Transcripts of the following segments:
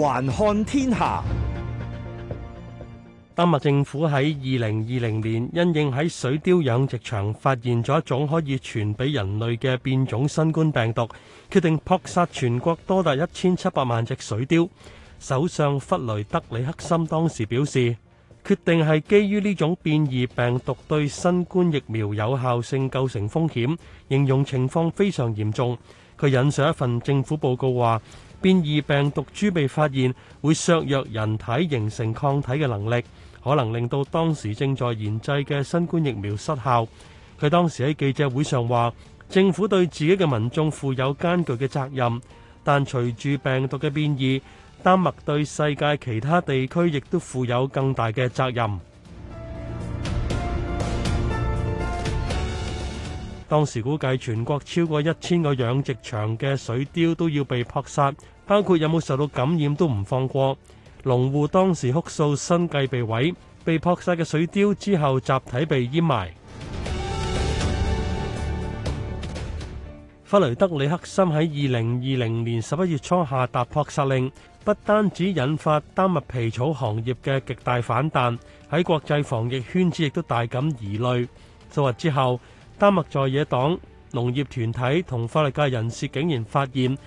環看天下，丹麥政府喺二零二零年因應喺水貂養殖場發現咗一種可以傳俾人類嘅變種新冠病毒，決定撲殺全國多達一千七百萬隻水貂。首相弗雷德里克森當時表示：決定係基於呢種變異病毒對新冠疫苗有效性構成風險，形容情況非常嚴重。佢引上一份政府報告話，變異病毒株被發現會削弱人體形成抗體嘅能力，可能令到當時正在研製嘅新冠疫苗失效。佢當時喺記者會上話，政府對自己嘅民眾負有艱巨嘅責任，但隨住病毒嘅變異，丹麥對世界其他地區亦都負有更大嘅責任。當時估計全國超過一千個養殖場嘅水貂都要被撲殺，包括有冇受到感染都唔放過。農戶當時哭訴生計被毀，被撲殺嘅水貂之後集體被淹埋。弗 雷德里克森喺二零二零年十一月初下達撲殺令。不單止引發丹麥皮草行業嘅極大反彈，喺國際防疫圈子亦都大感疑慮。數日之後，丹麥在野黨、農業團體同法律界人士竟然發現，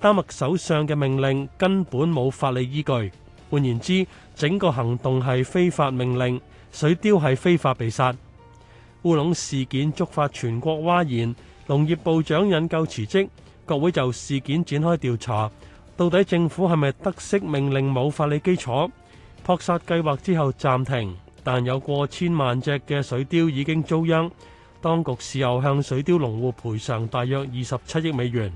丹麥首相嘅命令根本冇法理依據。換言之，整個行動係非法命令，水貂係非法被殺。烏龍事件觸發全國譁然，農業部長引咎辭職，國會就事件展開調查。到底政府係咪得悉命令冇法理基礎，撲殺計劃之後暫停？但有過千萬隻嘅水貂已經遭殃，當局事後向水貂農戶賠償大約二十七億美元。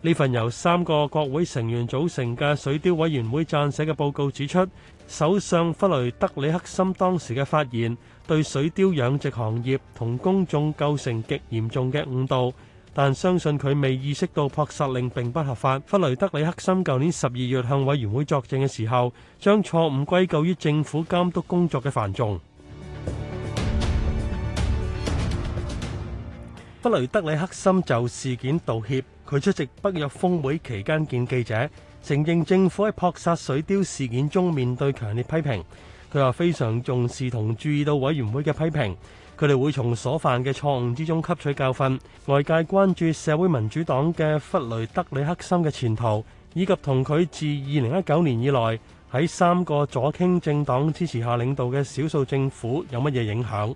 呢份由三個國會成員組成嘅水貂委員會撰寫嘅報告指出，首相弗雷德里克森當時嘅發言對水貂養殖行業同公眾構成極嚴重嘅誤導。但相信佢未意識到撲殺令並不合法。弗雷德里克森舊年十二月向委員會作證嘅時候，將錯誤歸咎於政府監督工作嘅繁重。 弗雷德里克森就事件道歉。佢出席北約峰會期間見記者，承認政府喺撲殺水貂事件中面對強烈批評。佢話非常重視同注意到委員會嘅批評，佢哋會從所犯嘅錯誤之中吸取教訓。外界關注社會民主黨嘅弗雷德里克森嘅前途，以及同佢自二零一九年以來喺三個左傾政黨支持下領導嘅少數政府有乜嘢影響。